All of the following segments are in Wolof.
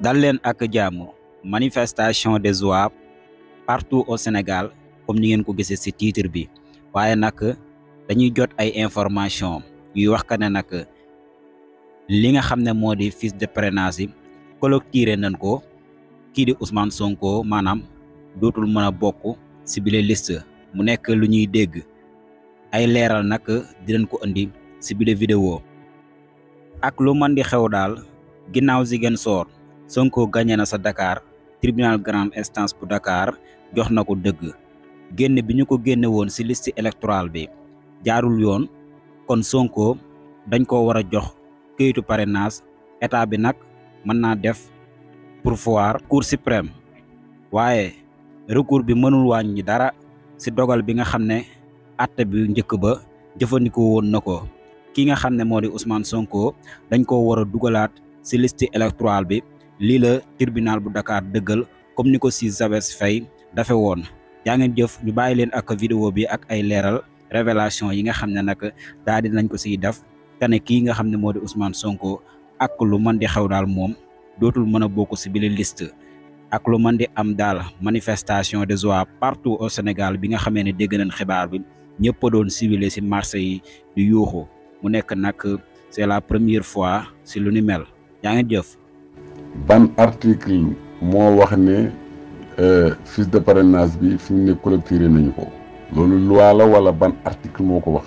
dal leen ak jaamu manifestation des oies partout au Sénégal comme ni ngeen ko gisee ci tiitre bi waaye nag dañuy jot ay information ñuy wax ka ne nag li nga xam ne moo di fiche de parrainage yi collecté nañ ko kii di Ousmane Sonko maanaam dootul mën a bokk ci bile liste mu nekk lu ñuy dégg ay leeral nag dinañ ko indi ci bile vidéo ak lu mën di xew daal ginnaaw Ziguinchor Sonko gagné na sa Dakar tribunal Grand instance Pudakar, Dakar jox nako deug dëgg génn bi ko génne ci liste électorale bi jaarul yoon kon Sonko dañ ko wara jox këyitu parrainage état bi nak man naa def voir cour suprême waaye recours bi mënul wàññi dara ci dogal bi nga xamné atté bi njëkk ba jëfëndiko won nako ko ki nga xamné modi Ousmane Sonko dañ ko wara dugalat ci liste électorale bi li le tribunal bu Dakar deugal comme niko ko si Jabès Faye dafe ngeen jëf ñu bàyyi leen ak vidéo bi ak ay léral révélation yi nga xam nak daal di nañ ko siy def te ki nga xam modi Ousmane Sonko ak lu man di xaw dal mom dotul mën a ci bile liste ak lu man di am dal manifestation de joie partout au Sénégal bi nga xamee ne dégg nañ xibaar bi ñepp doon civilé ci marché yi di mu nekk nak c'est la première fois ci lu ni mel yaa jëf. ban article moo wax ne euh, fiche de parrainage bi fi mu ne collecté nañu ko loolu loi la wala ban article moo ko wax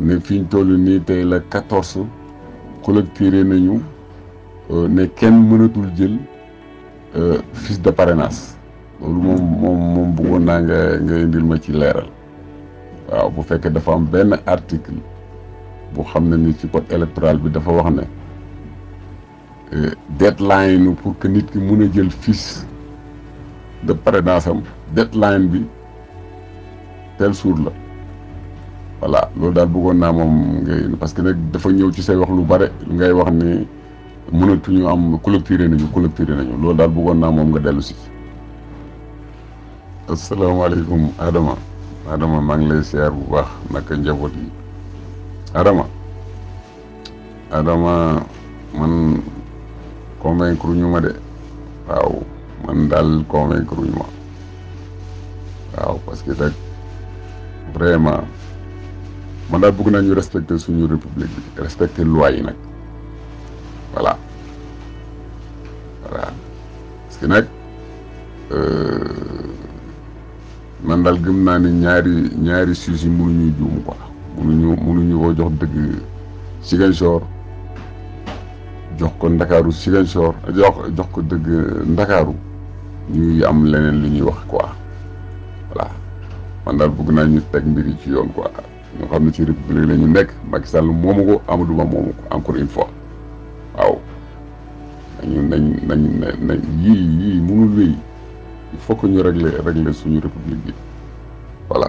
ne fiñ ñu toll nii tey la quatorze collecté nañu euh, ne kenn mënatul jël euh, fiche de parrainage loolu moom moom moom bëggoon naa nga nga indil ma ci leeral waaw bu fekkee dafa am benn article bu xam ne ni ci code électoral bi dafa wax ne deadline pour que nit ki mun a jël fiche de parrainage am deadline bi tel jour la voilà loolu daal bëggoon naa moom ngay parce que nag dafa ñëw ci say wax lu bare ngay wax ne mënatuñu am collecturé nañu collecturé nañu loolu daal bëggoon naa moom nga dellu si. asalaamaaleykum Adama Adama maa ngi Adama Adama man. convaincre ñu ma dé waaw man dal convaincre ñu ma waaw parce que nag vraiment man daal bëgg naa ñu respecter suñu république respecter loi yi nak voilà voilà parce que nak euh man dal gëm na ni ñaari ñaari sujet ñu joom quoi ñu mënuñu ñu wo jox dëgg Ziguinchor jox ko ndakaaru Ziguinchor jox jox ko deug ndakaaru ñu ngi am leneen lu ñuy wax quoi voilà man daal bëgg na ñu tek mbiri ci yoon quoi ñu xam ne ci république la ñu nekk Macky Sall moomu ko Amadou Ba moomu ko encore une fois waaw ñu nañ nañ nañ yii yii mënul wéy il faut que ñu régler régler suñu république bi voilà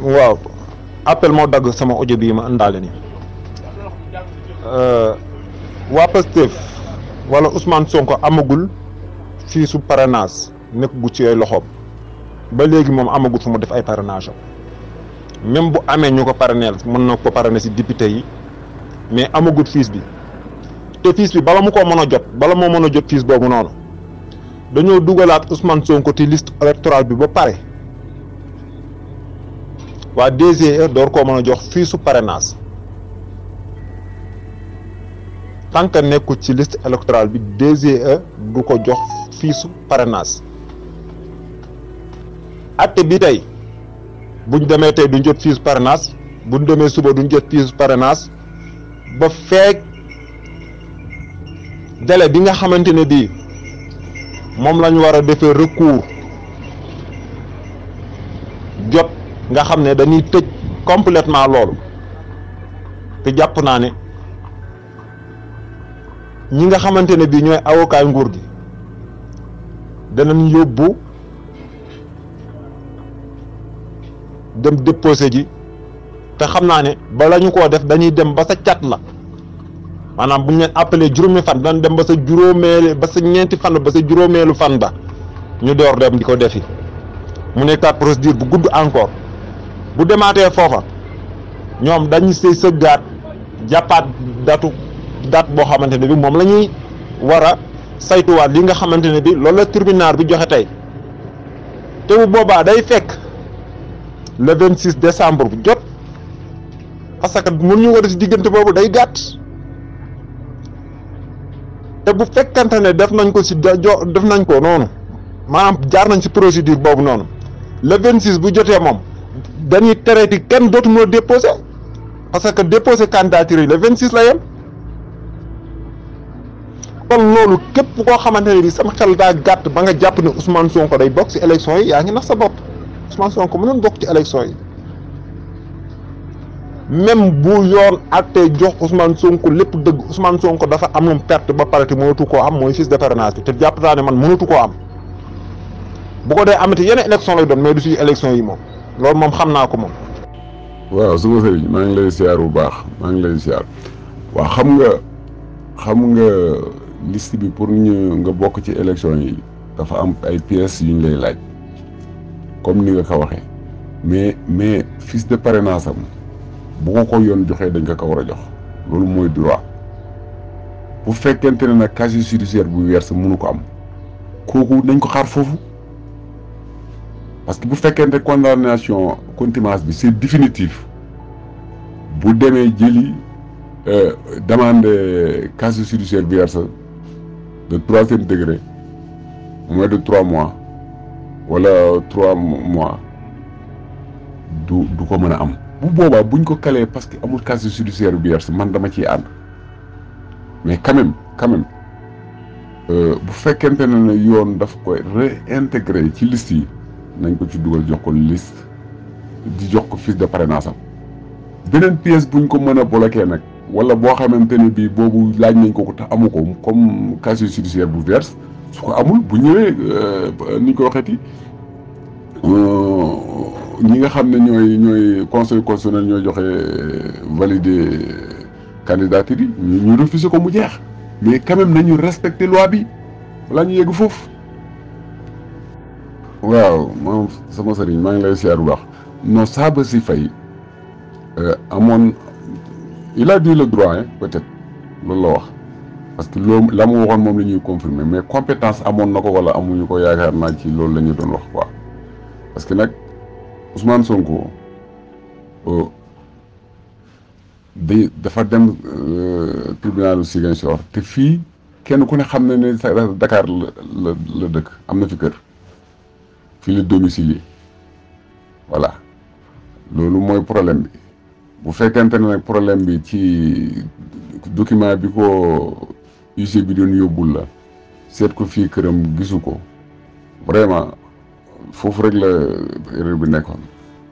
waaw appel moo dagg sama audio bi ma àndaale nii Euh, waa Pastef wala son ko amagul fii su parrainage nekk gu ci ay loxoom ba léegi moom amagul fu mu def ay parrainage am même bu amee ñu ko parrainel mën na ko parrainer si député yi mais amagul fiis bi te fiis bi bala mu koo mën a jot bala moo mën a jot fiis boobu noonu dañoo dugalaat Ousmane Sonko ci liste électorale bi ba pare waa DGE door ko mën a jox fiisu parrainage tant que nekkul ci liste électorale bi DGE du ko jox fiisu parrainage atté bi tay buñ démé tay duñ jot fiisu parrainage buñ démé suba duñ jot fiisu parrainage ba feek délai bi nga xamante di mom lañu wara défé recours jot nga xamné dañuy tejj complètement lool té japp na né ñi nga xamantene bi ñoy avocat nguur gi nañ yobbu dem déposer ji te xamna naa ne bala def dañuy dem ba sa chat la manam buñu ñu leen appelé fan dañ dem ba sa juroomel ba sa ñenti fan ba sa juroomelu fan ba ñu door dem diko ko defi mu nekkaat procédure bu gudd encore bu demaatee fofa ñom dañu sey seugat jappat datu dat bo xamante bi mom lañuy wara saytu wat li nga xamante bi loolu la tribunal bi joxe tay te bu boba day fekk le 26 décembre bu jot parce que mën ñu war a si diggante day gatt te bu fekkante ne def nañ ko ci def nañ ko non manam jaar nañ ci procédure bobu non le 26 bu joté mom dañuy traité kenn dotu mo déposer parce que déposer candidature le 26 la yem. kon loolu képp koo xamante ne bi sama xel daa gàtt ba nga jàpp ne Ousmane Sonko day bokk ci élection yi yaa ngi nax sa bopp Ousmane Sonko mënoon bokk ci élection yi même bu yoon àttee jox Ousmane Sonko lépp dëgg Ousmane Sonko dafa amum perte ba pare te mënatu koo am mooy fiche de parrainage te jàpp naa ne man mënatu koo am bu ko dee amati yeneen élection lay doon mais du suñu élection yi moom loolu moom xam naa ko moom. waaw suma sëriñ maa ngi lay siyaar bu baax maa ngi lay siyaar waaw xam nga liste bi pour ñu nga bokk ci élection yi dafa am ay pièces yu ñu lay laaj comme ni nga ko waxee mais mais fiche de parrainage am bu ko ko yoon joxee dañ ko ko war a jox loolu mooy droit bu fekkente ne nag casier judiciaire bu sa mënu ko am kooku nañ ko xaar foofu parce que bu fekkente condamnation contumace bi c'est définitif bu demee jëli euh, demande casier judiciaire bu verse de troisième degré moins de trois mois wala trois mois du du ko mën am. bu boobaa buñ ko kalee parce que amul de judiciaire bi versé man dama ciy ànd mais quand même quand même euh, bu faites ne ne yoon daf koy réintégrer, ci liste yi nañ ko ci dugal jox ko liste di jox ko de parrainage Benen pièce buñ ko mën a bloqué wala bo xamante ne bii boobu laaj nañ ko ko te amu comme casier judiciaire bu verse su ko amul bu ñëwee euh, ni ñu ko waxeeti euh, ñi nga xamné ñoy ñoy conseil constitutionnel ñoy joxé euh, valider candidature yi ñu refuser ko mu jeex mais quand même nañu respecter loi bi lañu ñu yegg foofu. waaw moom sama sëriñ ma ngi lay siyaar bu baax non fay euh amone il a dit le droit hein peut-être loolu la wax parce que loolu la mu waxoon confirmer mais compétence amoon na ko wala amuñu ko yaakaar naa ci loolu la ñu doon wax quoi parce que nag Ousmane Sonko euh, di dafa dem euh, tribunalu Ziguinchor te fii kenn ku ne xam na ne Dakar la le la dëkk am na fi kër fii la domicilié voilà loolu mooy problème bu fekkente ne nag problème bi ci document bi ko UG bi doon yóbbul la seet ko fii këram gisu ko vraiment foofu rek la erreur bi nekkoon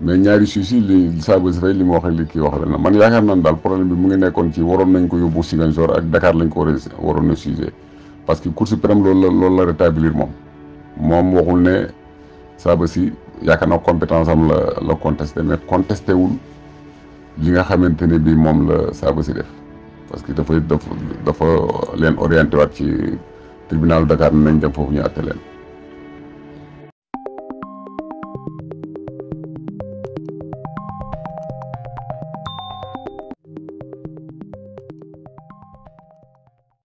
mais ñaari suuf yi li saabu si fay li ma wax ak li kii wax la man yaakaar naa daal problème bi mu ngi nekkoon ci waroon nañ ko yóbbu Ziguinchor ak Dakar lañ ko war a waroon na sujet parce que Cour suprême loolu la loolu la rétablir moom moom waxul ne saabu si yaakaar naa compétence am la la contesté mais contesté wul. li nga xamante bi mom moom la saabu ci def parce que dafay dafa dafa len orienté wat ci tribunal Dakar nañ dem fofu ñu àtte